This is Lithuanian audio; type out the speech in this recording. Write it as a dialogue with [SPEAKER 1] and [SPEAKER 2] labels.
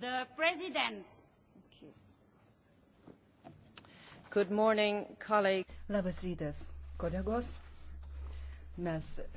[SPEAKER 1] the president.
[SPEAKER 2] Good morning, colleague. Labas rytas,
[SPEAKER 3] kolegos. Mes